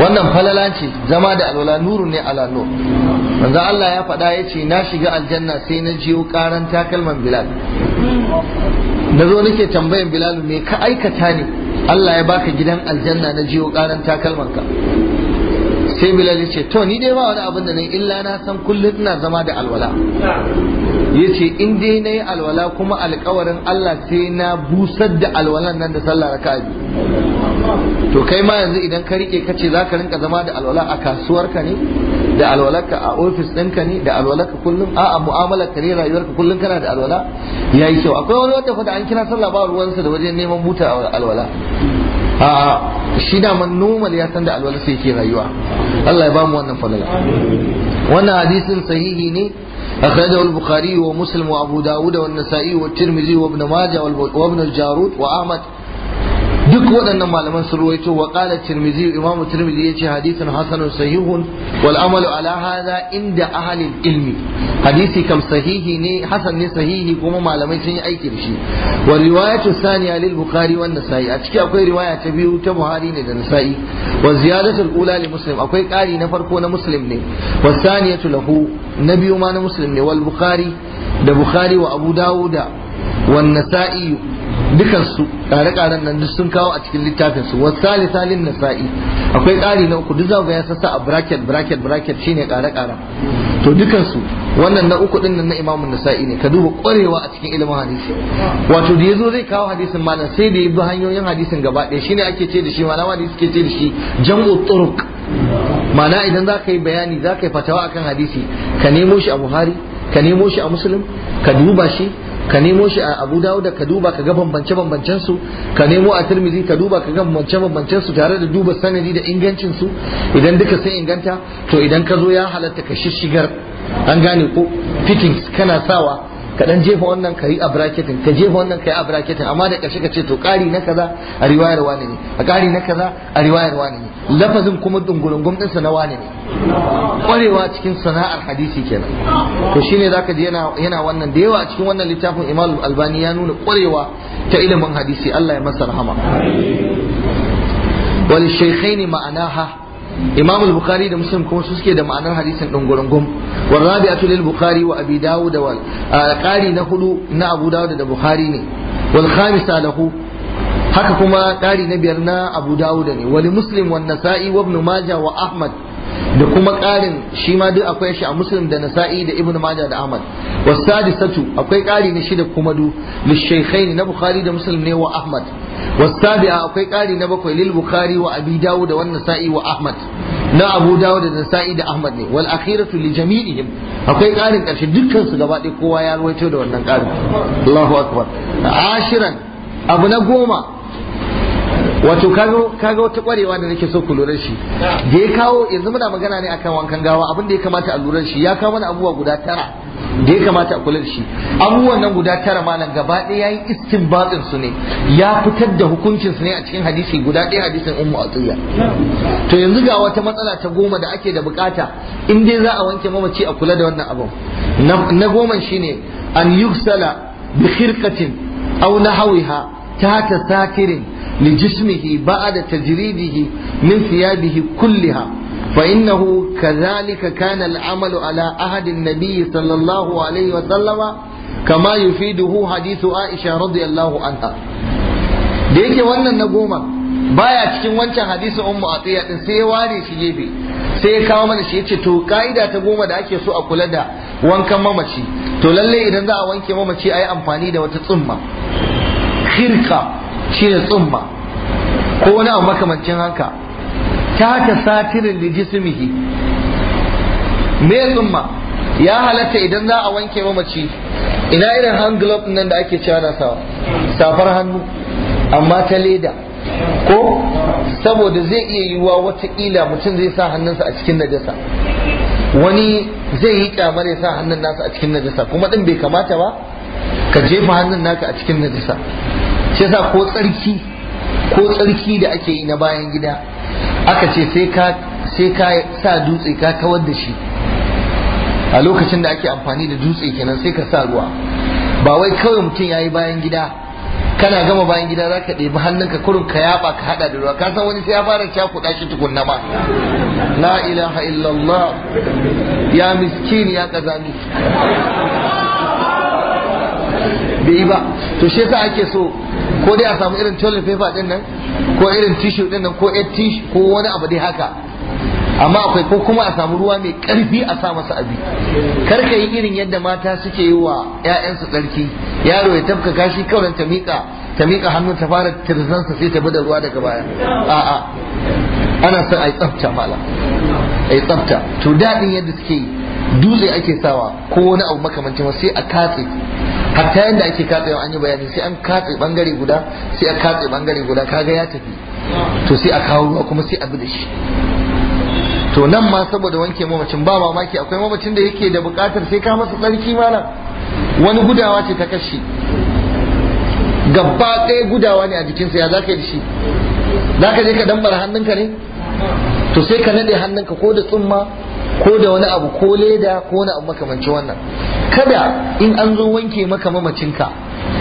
wannan falala ce zama da alwala nuru ne ala nur manzo Allah ya faɗa ya ce na shiga aljanna sai na jiyo karan takalman bilal na zo nake tambayan bilal me ka aikata ne Allah ya baka gidan aljanna na jiyo karan takalman ka sai bilal ya ce to ni dai ba wani abin da nan illa na san kullum ina zama da alwala yace in dai nayi alwala kuma alkawarin Allah sai na busar da alwalan nan da sallah raka'a to kai ma yanzu idan ka rike kace zaka rinka zama da alwala a kasuwar ka ne da alwalarka a ofis ɗinka ne da alwalarka kullum a a mu'amalar ka ne rayuwarka kullum kana da alwala yayi kyau akwai wani wata fa da an kira sallah ba ruwansa da wajen neman buta alwala a shi man normal ya san da alwala sai ke rayuwa Allah ya bamu wannan falala wannan hadisin sahihi ne أخرجه البخاري ومسلم وأبو داود والنسائي والترمذي وابن ماجه وابن الجارود وأحمد duk waɗannan malaman sun ruwaito wa qala tirmidhi imam ya yace hadisin hasanun sahihun wal amalu ala hadha inda ahli ilmi hadisi kam sahihi ne hasan ne sahihi kuma malamai sun yi aiki da shi wa riwayatu thaniya lil bukhari wa nasai a ciki akwai riwaya ta biyu ta buhari ne da nasai wa ziyadatul ula li muslim akwai ƙari na farko na muslim ne wa thaniyatu lahu na biyu ma na muslim ne wal bukhari da bukhari wa abu dawuda wan nasa'i dukan su kare nan duk sun kawo a cikin littafin su wasu salin nasa'i akwai ƙari na uku duk za ga ya sassa a bracket bracket bracket shine kare-karen to dukan su wannan na uku din nan na imamun nasa'i ne ka duba ƙwarewa a cikin ilimin hadisi wato da yazo zai kawo hadisin malam sai da ya bi hanyoyin hadisin gaba ɗaya shine ake ce da shi malama da suke ce da shi jam'u turuk Mana idan za ka yi bayani za ka yi fatawa akan hadisi ka nemo shi a buhari ka nemo shi a muslim ka duba shi ka nemo shi a Abu Dawud ka duba ka ga bambance bambancen su ka nemo a turmizi ka duba ka ga bambance bambancen su tare da duba sanadi da ingancin su idan duka sun inganta to idan ka zo ya halatta ka shishigar an gane ko fittings kana sawa ka dan jefa wannan kai a bracketin ka jefa wannan kai a bracketin amma da ƙarshe ka ce to ƙari na kaza a riwayar wani ne a ƙari na kaza a riwayar wani ne lafazin kuma dungurungum ɗinsa na wani ne ƙwarewa cikin sana'ar hadisi kenan to shine zaka ji yana yana wannan da yawa a cikin wannan littafin Imam Albani ya nuna ƙwarewa ta ilimin hadisi Allah ya masa rahama wal shaykhaini ma'anaha imam al-bukhari da muslim kuma su suke da ma'anar hadisin din gurin gum wa rabi'atu lil bukhari wa abi dawud wal qari na hudu na abu dawud da bukhari ne wal khamisa lahu haka kuma qari na biyar na abu dawud ne wal muslim wa nasa'i wa ibn majah wa ahmad da kuma ƙarin shi ma duk akwai shi a muslim da nasa'i da ibn majah da ahmad wasadisatu akwai ƙari na shida kuma du lishaykhain na bukhari da muslim ne wa ahmad wasabi'a akwai ƙari na bakwai lil bukhari wa abi dawud da wannan sa'i wa ahmad na abu dawud da nasa'i da ahmad ne wal akhiratu li jami'ihim akwai ƙarin ƙarshe dukkan su gaba ɗaya kowa ya ruwaito da wannan ƙarin Allahu akbar ashiran abu na goma wato kaga wata kwarewa da nake so ku lura shi da ya kawo yanzu muna magana ne akan wankan gawa abin da ya kamata a lura shi ya kawo mana abubuwa guda tara da ya kamata a kula da shi abubuwan nan guda tara malam gaba ɗaya yayi istinbatin su ne ya fitar da hukuncin su ne a cikin hadisi guda ɗaya hadisin ummu atiya to yanzu ga wata matsala ta goma da ake da bukata in dai za a wanke mamaci a kula da wannan abu na goma shine an yuksala bi khirqatin aw nahwiha ta ta satirin لجسمه بعد تجريده من ثيابه كلها فإنه كذلك كان العمل على عهد النبي صلى الله عليه وسلم كما يفيده حديث عائشة رضي الله عنها da yake wannan na goma baya cikin wancan hadisi ummu atiya din sai ya shi gefe sai ya kawo mana shi yace to kaida ta goma da ake so a kula da wankan mamaci to lalle idan za a wanke mamaci ayi amfani da wata tsumma khirka shine tsumma ko wani abu makamancin haka ta haka satirin da jisimihi me tsumma ya halatta idan za a wanke mamaci ina irin hand glove nan da ake cewa da safar hannu amma ta leda ko saboda zai iya yiwuwa kila mutum zai sa hannunsa a cikin najasa wani zai yi kyamar ya sa hannun nasa a cikin najasa kuma din bai kamata ba ka jefa hannun naka a cikin najasa shi yasa ko tsarki ko tsarki da ake yi na bayan gida aka ce sai ka sai ka sa dutse ka kawar da shi a lokacin da ake amfani da dutse kenan sai ka sa ruwa ba wai kawai mutum yayi bayan gida kana gama bayan gida za ka ɗebi ka kurin ka yaba ka haɗa da ruwa ka san wani sai ya fara cakuɗa shi tukunna ma la ilaha illallah ya miskin ya ni. bai ba to shi yasa ake so ko dai a samu irin toilet paper din nan ko irin tissue din nan ko air tissue ko wani abu dai haka amma akwai ko kuma a samu ruwa mai karfi a sa masa abi karka yi irin yadda mata suke yi wa ƴaƴansu tsarki yaro ya tafka gashi kawai ta miƙa ta miƙa hannu ta fara tirzansa sai ta bi da ruwa daga baya a'a ana son a tsafta mala a tsafta to daɗin yadda suke yi dutse ake sawa ko wani abu makamancin sai a katse hatta yanda ake katsewa an yi bayani sai an katse bangare guda sai a katse bangare guda kaga ya tafi to sai a kawo ruwa kuma sai a bi da shi to nan ma saboda wanke mamacin ba mamaki akwai mamacin da yake da bukatar sai ka masa tsarki mana. wani gudawa ce ta kashi gaba ɗaya gudawa ne a jikinsa ya zaka yi da shi zaka je ka dambara hannunka ne to sai ka naɗe hannunka ko da tsumma ko da wani abu ko leda ko wani abu makamanci wannan kada in an zo wanke maka mamacinka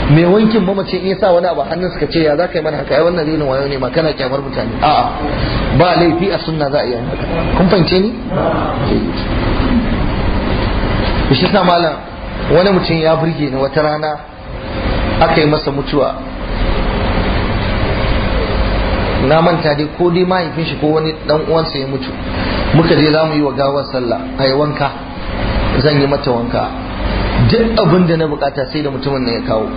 mai wankin mamacin in sa wani abu hannun suka ce ya za ka yi mana haka ai wannan rinin wayo ne ma kana kyamar mutane a'a ba laifi a sunna za a yi haka kun fahimce ni shi sa malam wani mutum ya burge ni wata rana aka yi masa mutuwa na manta dai ko dai mahaifin shi ko wani dan uwansa ya mutu muka je za mu yi wa gawar sallah ai wanka zan yi mata wanka duk abin da na bukata sai da mutumin nan ya kawo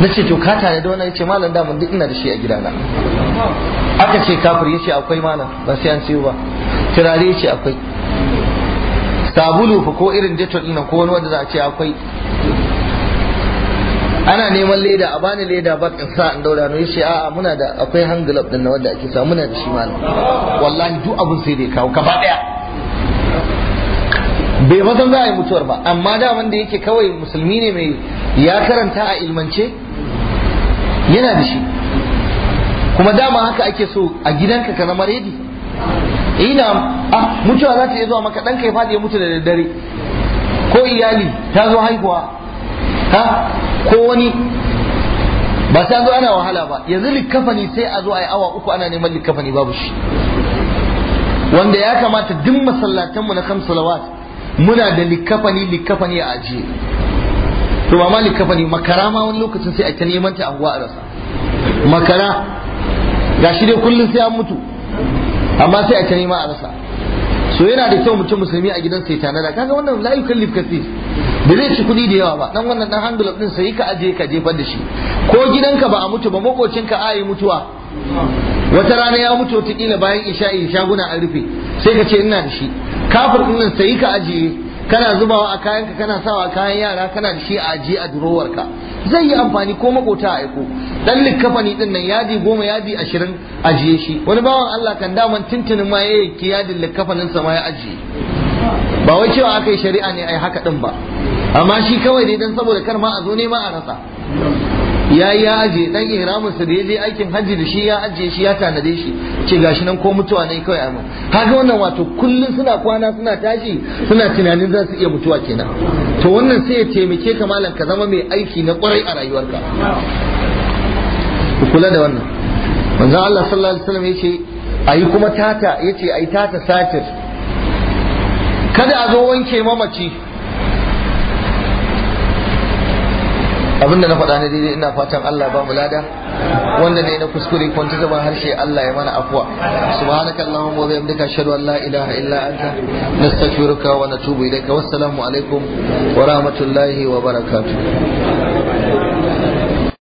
na ce to ka tare da wani ya ce malam daman duk ina da shi a gidana aka ce kafir ya ce akwai malam ba sai an siyo ba turare ya ce akwai sabulu fa ko irin detol ɗin ko wani wanda za a ce akwai ana neman leda a bani leda ba in sa an daura no yace a'a muna da akwai hand glove din na wanda ake sa muna da shi ma wallahi duk abun sai dai kawo gaba daya bai ba san za a yi mutuwar ba amma da wanda yake kawai musulmi ne mai ya karanta a ilmance yana da shi kuma dama haka ake so a gidanka ka zama redi ina ah mutuwa za ta iya zuwa maka ɗanka ya faɗi ya mutu da daddare ko iyali ta zo haihuwa ha ko wani ba sai zo ana wahala ba yanzu likafani sai a zo a yi awa uku ana neman likafani babu shi wanda ya kamata duk masallatanmu na kam salawat muna da likafani likafani a ajiye to ba ma likafani makara ma wani lokacin sai a ta neman ta anguwa a rasa makara gashi dai kullum sai an mutu amma sai a ta neman a rasa so yana da kyau mutum musulmi a gidansa ya tanada kaga wannan la yukallif kathir da zai ci kuɗi da yawa ba dan wannan dan handulab din sai ka aje ka jefar da shi ko gidanka ba a mutu ba makocinka a yi mutuwa wata rana ya mutu ta kila bayan in in shaguna an rufe sai ka ce ina da shi kafir din nan sai ka ajiye kana zubawa a kayanka kana sawa a kayan yara kana da shi a ajiye a durowarka zai yi amfani ko makota a aiko dan likkafani din nan yadi goma yadi ashirin ajiye shi wani bawan Allah kan daman tintinin ma ya yadin likkafanin sa ma ya ajiye ba wai cewa aka yi shari'a ne ai haka din ba amma shi kawai dai dan saboda kar ma a zo nema a rasa ya ya aje dan ihramin su da ya je aikin hajji da shi ya aje shi ya tanade shi ce gashi nan ko mutuwa ne kawai amma haka wannan wato kullum suna kwana suna tashi suna tunanin za su iya mutuwa kenan to wannan sai ya taimake ka malam ka zama mai aiki na kwarai a rayuwarka ku kula da wannan manzo Allah sallallahu alaihi wasallam yace ayi kuma tata yace ayi tata satir kada a zo wanke mamaci abinda na faɗa na daidai ina fatan Allah ba mu lada wanda ne na kuskure ko ta zama harshe Allah ya mana afuwa subhanaka allahumma wa bihamdika ashhadu an la ilaha illa anta nastaghfiruka wa natubu ilayka wassalamu alaikum wa rahmatullahi wa barakatuh